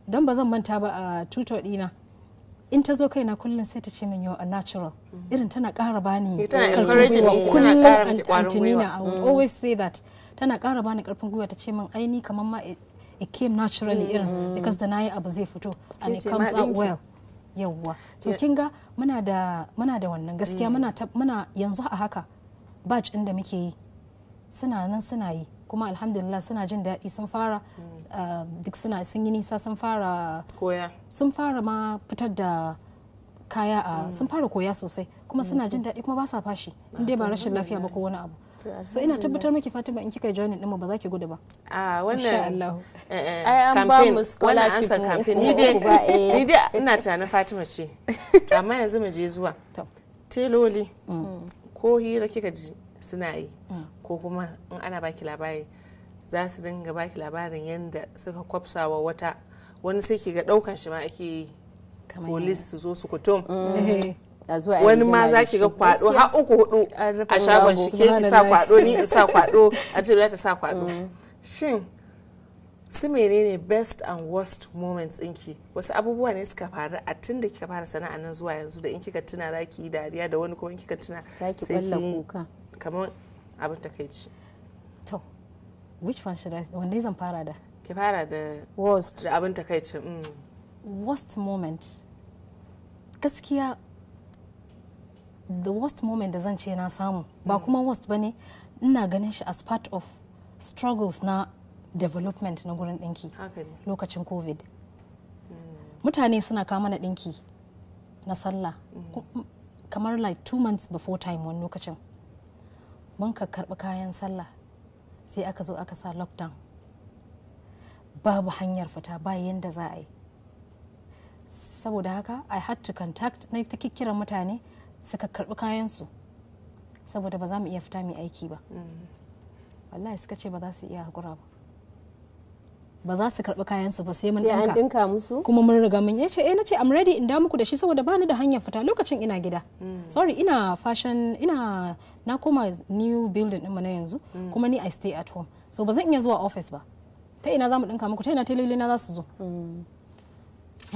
don ba zan manta ba a tuto dina in ta zo kaina kullum sai ta ce min yau a natural mm-hmm. irin tana ƙara bani eh, kullum antonina i will mm-hmm. always say that tana ƙara bani karfin gwiwa ta ce min aini kamar ma it came naturally irin mm-hmm. because da nayi abu zai fito and it comes out well yawwa to kin ga muna da wannan gaskiya mm. muna yanzu a haka batch din da muke yi suna nan suna yi kuma alhamdulillah suna jin daɗi sun fara mm. Um, duk suna sun yi nisa sun fara koya sun fara ma fitar da kaya a mm. sun fara koya sosai kuma mm. suna jin daɗi kuma ba sa fashi ah, in dai ba rashin lafiya ba ko wani abu so ina tabbatar miki fatima in kika joinin din mu ba za ki gudu ba a ah, wannan eh, eh, ai an ba mu scholarship ni dai eh. ni dai ina tunanin fatima ce [LAUGHS] amma yanzu mu je zuwa teloli mm. ko hira kika ji suna yi ko kuma in ana baki labari za su dinga baki labarin yadda suka kwafsawa wata wani sai ke ga ɗaukan shi ma ake polis su zo su kutum mm. [LAUGHS] wani ma za ki ga kwado har uku hudu a shagon shi ke ki sa kwado ni in sa kwado a [LAUGHS] ce ta sa kwado mm. shin su menene best and worst moments inki wasu abubuwa ne suka faru a tun da kika fara sana'a nan zuwa yanzu da in kika tuna za ki yi dariya da wani kuma in kika tuna sai ki kamar abin takaici which one should I wanne zan fara da ki fara da worst da abin takaici mm. worst moment gaskiya the worst moment da zan ce na samu ba mm. kuma worst bane ina ganin shi as part of struggles na development na gurin dinki lokacin covid mm. mutane suna kama na dinki na sallah mm. kamar like two months before time wani lokacin mun ka karɓi kayan sallah sai aka zo aka sa lockdown babu hanyar fita ba yadda za a yi saboda haka i had to contact na ta kikkira mutane suka karbi kayansu saboda ba za mu iya fita mai aiki ba mm. wallahi suka ce ba za su iya hakura ba ba za su karɓi kayan su ba sai mun dinka musu kuma mun riga mun yace eh nace I'm ready in da muku da shi saboda bani da hanyar fita lokacin ina gida mm. sorry ina fashion ina na koma new building din mu na yanzu mm. kuma ni I stay at home so ba zan iya zuwa office ba ta ina za mu dinka muku ta ina telele na za su zo mm.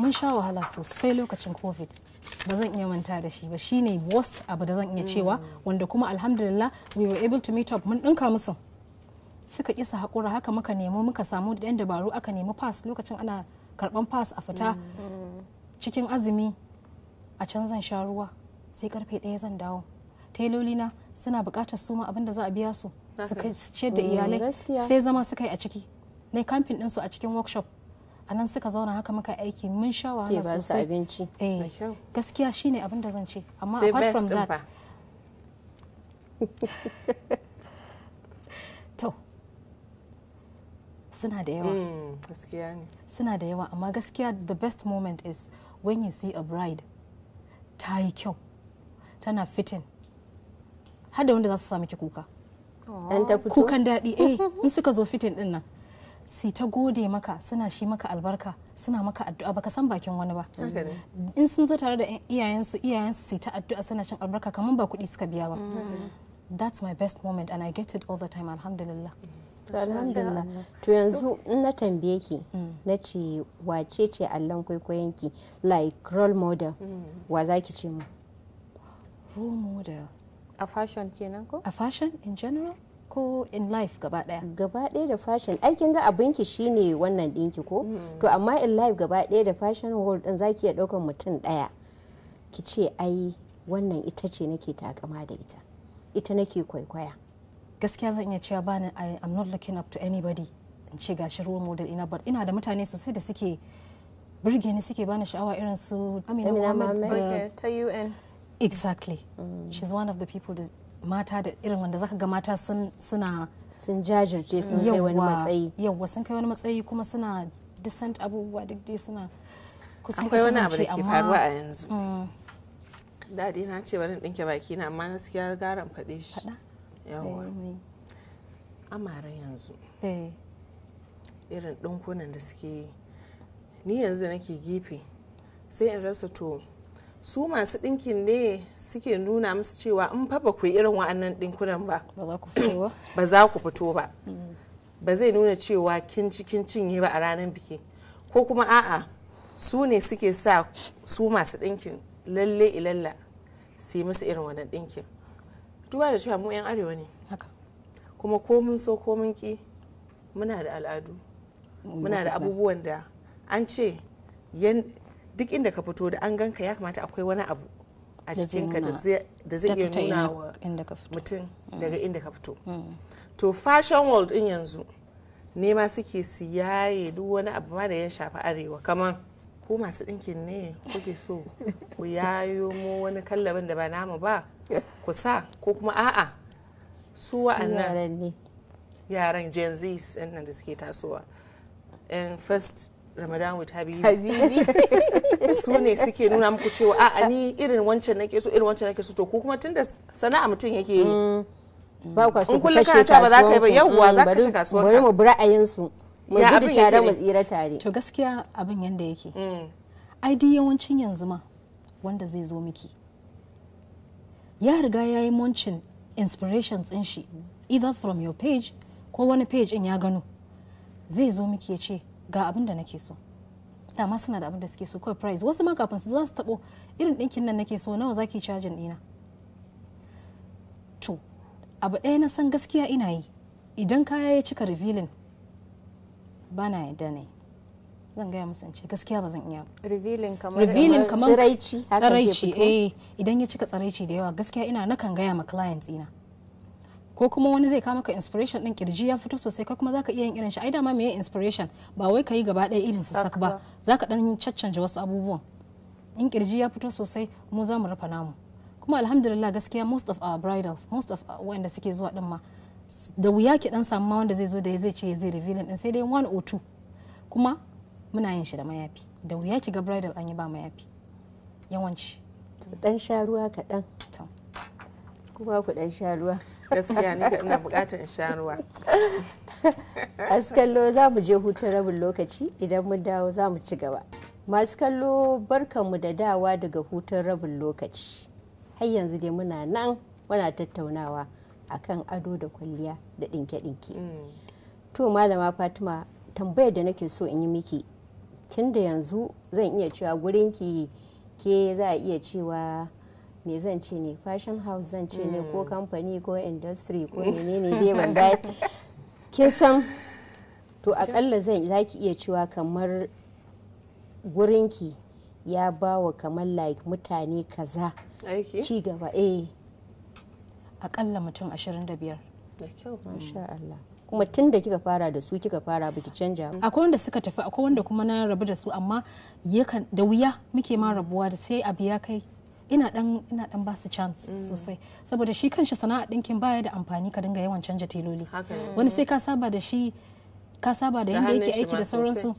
mun sha wahala sosai lokacin covid ba zan iya manta da shi ba shine worst abu da zan iya cewa wanda kuma alhamdulillah we were able to meet up mun dinka musu suka kisa haƙura haka muka nemo muka samu da 'yan dabaru aka nemi pass lokacin ana karban pass a fita cikin azumi a can zan sha ruwa sai karfe ɗaya zan dawo tailolina suna buƙatar suma abin da za a biya su su ciyar da mm, iyalai sai zama suka yi a ciki na kamfin ɗinsu a cikin workshop a nan suka zauna haka muka aiki mun sha wahala sosai abinci eh, gaskiya shine abin da zan ce amma apart from that [LAUGHS] suna da yawa mm, suna da yawa amma gaskiya the best moment is when you see a bride ta yi kyau tana fitin har wanda za su sami ki kuka kukan daɗi eh [LAUGHS] in suka zo fitin din nan si ta gode maka suna shi maka albarka suna maka addu'a baka san bakin wani ba in sun zo tare da iyayensu iyayensu si ta addu'a suna shan albarka kamar ba kuɗi suka biya ba mm. that's my best moment and i get it all the time alhamdulillah mm. alhamdulillah to yanzu na tambaye ki mm. na ce wace ce allon kwaikwayon ki like role model mm. wa za ki ce mu role model a fashion kenan ko a fashion in general ko in life gaba daya gaba daya da fashion aikin ga ki shine wannan dinki ko mm. to amma in life gaba daya da fashion world din zaki iya daukan mutum daya ki ce ai wannan ita ce nake takama da ita ita nake kwaikwaya gaskiya zan iya cewa bani I am not looking up to anybody in ce gashi role model ina but ina da mutane sosai da suke birge ni suke bani sha'awa irin su Amina Muhammad ta UN exactly She mm. she's one of the people da mata da irin wanda zaka ga mata sun suna sun jajirce sun kai wani matsayi yawwa sun kai wani matsayi kuma suna decent abubuwa duk dai suna kusan akwai wani abu da ke faruwa a yanzu mm. dadi na ce bari dinke baki na amma gaskiya garan faɗe shi yawa amara yanzu eh. irin ɗinkunan da suke yi ni yanzu nake gefe sai in rasa to su masu ɗinkin ne suke nuna musu cewa in fa ba ku irin wa'annan ɗinkunan ba ba za ku fito ba [CLEARS THROAT] mm. ba zai nuna cewa kin cikin cinye ba a ranar biki ko kuma a'a su ne suke sa su masu ɗinkin lalle ilalla su yi musu irin wannan ɗinkin duba da cewa mu 'yan arewa ne kuma ko mun so ko mun ki muna da al'adu muna da abubuwan da an ce duk inda ka fito da an ganka ya kamata akwai wani abu a cikinka da zai iya nuna wa mutum mm. daga inda ka fito mm. to fashion world din yanzu nema suke siyaye duk wani abu ma da ya shafi arewa kamar ko masu ɗinkin ne kuke so ku [LAUGHS] yayo mu wani kallabin da ba namu ba [LAUGHS] Kusa ko kuma a'a su wa'annan yaran gen z nan da suke tasowa in first ramadan with habibi [LAUGHS] su ne suke nuna muku cewa a'a ni irin wancan nake so irin wancan nake so to ko kuma tunda sana'a mutum yake yi mm. ba kwa so ku kashe ba za ka yi ba yawwa za ka mm, kashe kasuwa bari mu bi ra'ayin su mu gudu tare mu tsira tare to gaskiya abin yanda yake mm. ai dai yawancin yanzu ma wanda zai zo miki ya riga ya yi muncin inspirations in shi either from your page ko wani page in ya gano zai zo miki ya ce ga abin da nake so dama suna da abin da suke so kawai price wasu ma kafin su za su taɓo irin ɗinkin nan nake so nawa zaki cajin ɗina to abu ɗaya na san gaskiya ina yi idan kaya ya cika revealing ba na yadda ne zan gaya musu ce gaskiya ba zan iya revealing kamar revealing kamar tsaraici tsaraici eh idan ya cika tsaraici da yawa gaskiya ina na kan gaya ma clients ina ko kuma wani zai kama ka inspiration din kirji ya fito sosai kai kuma zaka iya yin irin shi ai dama meye inspiration ba wai ka yi gaba ɗaya irin sassak ba zaka dan caccanje wasu abubuwan in kirji ya fito sosai mu za mu rufa namu kuma alhamdulillah gaskiya most of our bridals most of wanda suke zuwa din ma da wuya ki dan samu wanda zai zo da zai ce zai revealing din sai dai one or two kuma muna yin shi da mayafi da wuya ki ga bridal an yi ba mayafi yawanci to dan sha ruwa kaɗan to kuma ku dan sha ruwa gaskiya ni ina bukatar sha ruwa [LAUGHS] masu za mu je hutun rabin lokaci idan mun dawo za mu ci gaba masu kallo barkanmu da dawa daga hutun rabin lokaci har yanzu dai muna nan muna tattaunawa akan ado da kwalliya da ɗinke-ɗinke mm. to malama fatima tambayar da nake so in yi miki tun da yanzu zan iya cewa gurinki ke za a iya cewa me zan ce ne fashion house zan ce ne ko mm. kamfani ko industry ko mm. menene dai ban da [LAUGHS] kin san to akalla zan za ki iya cewa kamar gurinki ya bawa kamar like mutane kaza ci gaba eh akalla mutum 25 da kyau Allah kuma tun da kika fara da su kika fara baki canja akwai wanda suka tafi akwai wanda kuma na rabu da su amma yakan da wuya muke ma rabuwa da sai abu ya kai ina dan ina dan ba su chance mm. sosai saboda shi kanshi sana'a dinkin baya da amfani ka dinga yawan canja teloli wani sai ka saba da shi ka saba da yanda yake aiki da sauransu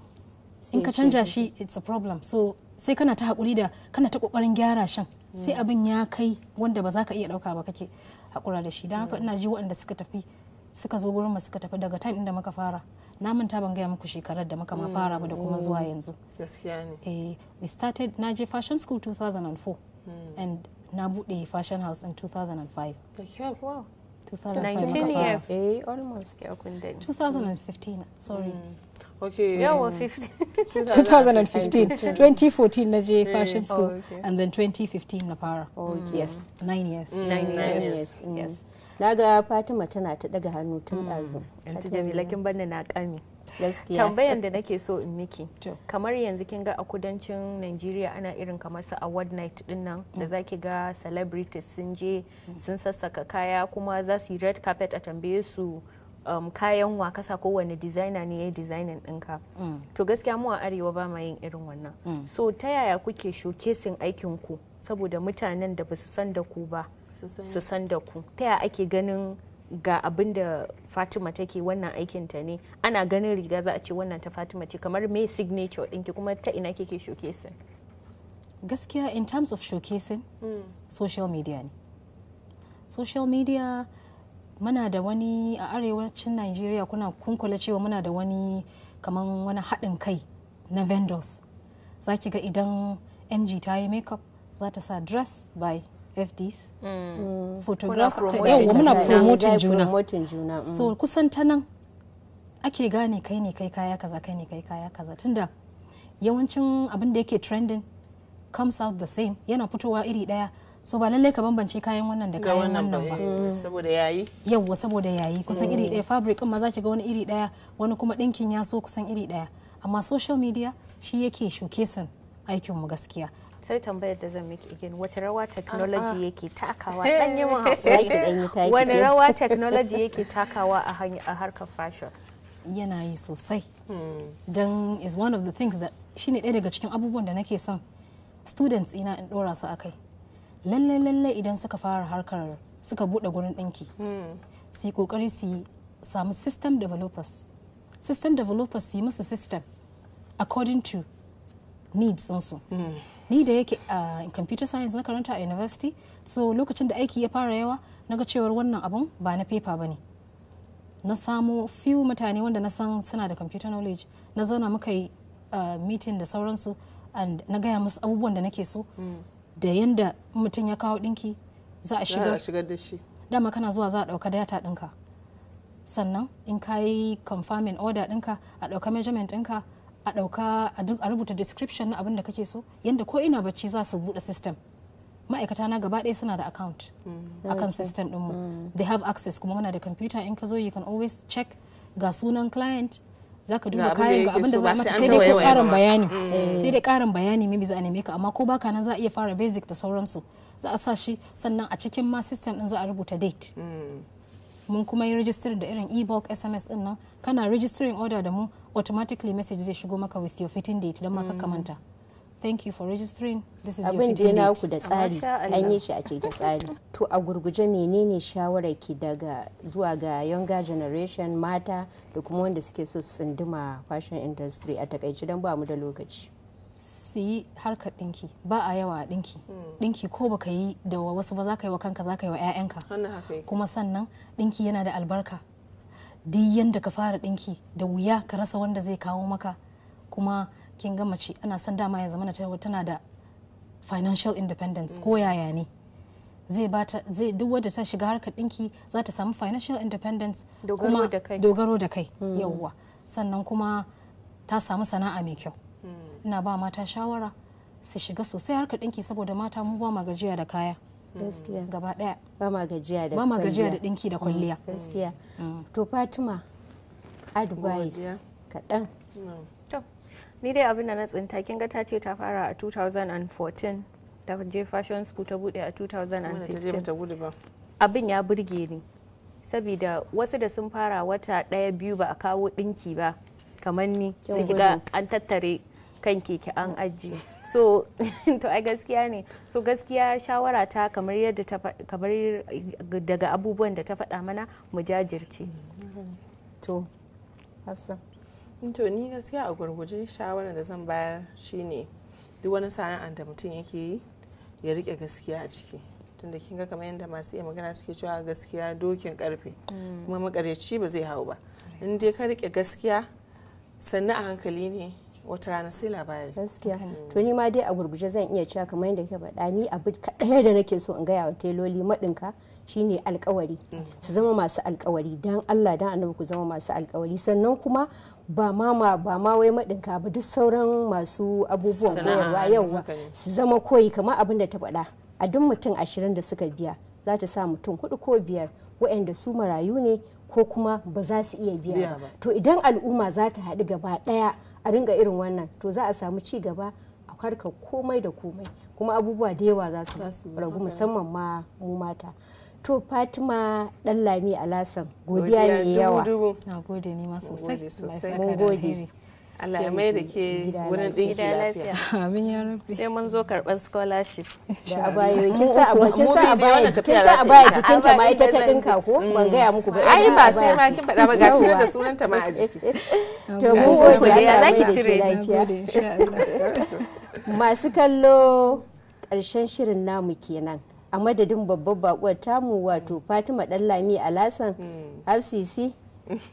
in ka canja shi it's a problem so sai kana ta hakuri da kana ta kokarin gyara shan sai mm. abin ya kai wanda ba za ka iya dauka ba kake hakura da shi don haka ina ji waɗanda suka tafi suka zo gurin mu suka tafi daga time inda muka fara na manta ban gaya muku shekarar da muka ma mm. fara ba da kuma zuwa yanzu gaskiya ne eh we started na je fashion school 2004 mm. and na bude fashion house in 2005 wow 2015 years eh almost 2015 sorry mm. Okay. Yeah, well, 15. 2015. 2014 na je eh. fashion school oh, okay. and then 2015 na para. Oh, yes. years. years. years. Yes. Mm. yes. na ga fatima tana ta daga hannu tun mm. ɗazu yanzu jamila kin banni na kami tambayan da nake so in miki kamar yanzu kin ga a kudancin nigeria ana irin kamar su award night din nan da mm. zaki ga celebrities sun je mm. sun sassaka kaya kuma za su yi red carpet a tambaye su um, kayan wakasa wani designer ne ya yi designing ɗinka mm. to gaskiya mu a arewa ba ma yin irin wannan mm. so ta yaya kuke showcasing aikin ku saboda mutanen da basu san da ku ba su san da ku ta ya ake ganin ga abin da fatima take wannan aikinta ne ana ganin riga za a ce wannan ta fatima ce kamar me signature ɗinki kuma ta ina kike showcasing gaskiya in terms of showcasing mm. social media ne social media muna da wani a arewacin nigeria kuna kunkula cewa muna da wani kamar wani haɗin kai na vendors za ki ga idan mg ta yi makeup za ta sa dress by fds mm. mm. photographer yawwa muna promoting juna mm. so kusan ta nan ake gane kai ne kai kaya kaza kai ne kai kaya kaza tunda yawancin abin da yake trending comes out the same yana fitowa iri daya so ba lallai ka bambance kayan wannan da kayan wannan ba eh, saboda yayi yawwa saboda yayi kusan iri daya fabric ma za ki ga wani iri daya wani kuma dinkin ya so kusan iri daya amma social media shi yake shukesin aikinmu gaskiya sai tambayar da zan miki igin wace ah, ah. rawa technology yake takawa dan wani rawa technology yake takawa a harkar fashion yana yi sosai hmm. don is one of the things that shine ɗaya daga cikin abubuwan da nake son students ina in ɗora su akai lalle lalle idan suka fara harkar suka buɗe gurin ɗinki hmm. su yi ƙoƙari su samu system developers system developers su yi musu system according to needs sun su. Hmm. ni da yake a computer science na karanta a university so lokacin da aiki ya fara yawa na ga cewar wannan abun ba na paper ba ne na samo few mutane wanda na san suna da computer knowledge na zauna muka yi meeting da sauransu and na gaya musu abubuwan da nake so hmm. da yanda mutum ya kawo dinki za a shigar da shi dama kana zuwa za a dauka data dinka sannan in ka yi confirming order dinka a dauka measurement dinka a ɗauka a rubuta description na abin da kake so yadda ko ina bacci za su buɗe system ma'aikata na gaba ɗaya suna da account mm. a kan system ɗinmu mm. they have access kuma muna da computer in ka zo you can always check ga sunan client za ka duba kayan ga abin da za mata mm. sai dai ko karin bayani sai dai karin bayani maybe za a neme ka amma ko baka nan za a iya fara basic da sauransu za a sa shi sannan a cikin ma system din za a rubuta date mun kuma yi rijistar da irin e-bulk sms din nan kana registering order da mu automatically message zai shigo maka with your fitting date don maka kamanta thank you for registering this is abin da na ku da tsari an yi shi a cikin tsari [LAUGHS] to a gurguje menene shawarar ki daga zuwa ga younger generation mata da kuma wanda suke so su tsinduma fashion industry a takaice don ba mu da lokaci su yi harkar ɗinki ba a yawa a dinki dinki hmm. ko baka yi da wasu ba za ka yi wa kanka za ka yi wa 'ya'yanka kuma sannan dinki yana da albarka duk yadda ka fara dinki da wuya ka rasa wanda zai kawo maka kuma kin ga mace ana san dama ya zama tana da financial independence ko hmm. yaya ne zai bata zai duk wadda ta shiga harkar dinki za ta samu financial independence dogaro da kai dogaro da kai hmm. yawwa sannan kuma ta samu sana'a mai kyau ina ba mata shawara su shiga sosai harkar dinki saboda mata mu ba ma gajiya da kaya gaba daya ba ma gajiya da ba ma gajiya da da mm, kwalliya gaskiya mm. to fatima advice kaɗan ni dai abin da na tsinta kin ga ta ce ta fara a 2014 ta je fashion school ta bude a 2015 abin ya burge ni saboda wasu da sun fara wata daya biyu ba a kawo dinki ba kamar ni sai ga an tattare kan keke an oh. ajiye so [LAUGHS] to ai gaskiya ne so gaskiya shawara ta kamar yadda ta kamar daga abubuwan da ta faɗa mana mu jajirce to hafsa to ni gaskiya a gurguje shawara da zan bayar shine duk wani sana'ar da mutum yake yi ya rike gaskiya a ciki tunda kin ga kamar yadda masu iya magana suke cewa gaskiya dokin karfe mm. kuma makareci ba zai hau ba in dai ka rike gaskiya sannu a hankali ne wata rana sai labari gaskiya to ni ma dai a gurguje zan iya cewa kamar yadda kake faɗa ni abu kaɗaya da nake so in gaya wa teloli maɗinka shine alkawari mm. su zama masu alkawari dan Allah dan annabi ku zama masu alkawari sannan kuma ba ma ba ma wai madinka ba duk sauran masu abubuwan koyarwa yawa su zama koyi kamar abin da ta faɗa a duk mutum ashirin da suka biya za ta sa mutum hudu ko biyar waɗanda su marayu ne ko kuma ba za su iya biya to idan al'umma za ta haɗu gaba ɗaya a ringa irin wannan to za a samu ci gaba a harka komai da komai kuma abubuwa da yawa za su ragu musamman ma mu mata to fatima dan lami alasan godiya mai yawa na gode ni ma sosai mun gode Allah ya mai da ke wurin ɗinki lafiya. [LAUGHS] Amin ya rabbi. Sai mun zo karɓar scholarship. [LAUGHS] Da abayo kin sa baya kin sa abayo kin sa abayo jikin ta ma ita ta dinka ko ban mm. gaya muku ba. Ai ba sai ma kin faɗa ba shi da sunan ta [LAUGHS] ma a jiki. To mu gode ya zaki cire Masu kallo ƙarshen shirin namu kenan. a madadin babbar bakuwar tamu wato fatima Lami alasan mm. fcc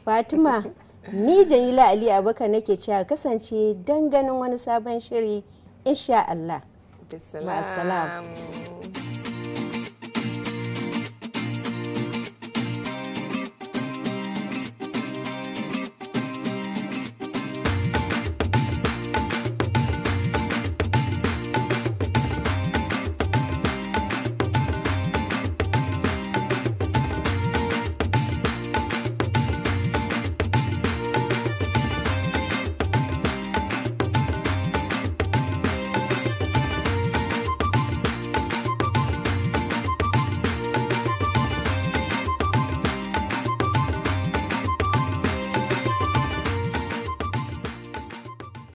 fatima ni jamila ali abubakar nake cewa kasance don ganin wani sabon shiri insha allah Bismillah.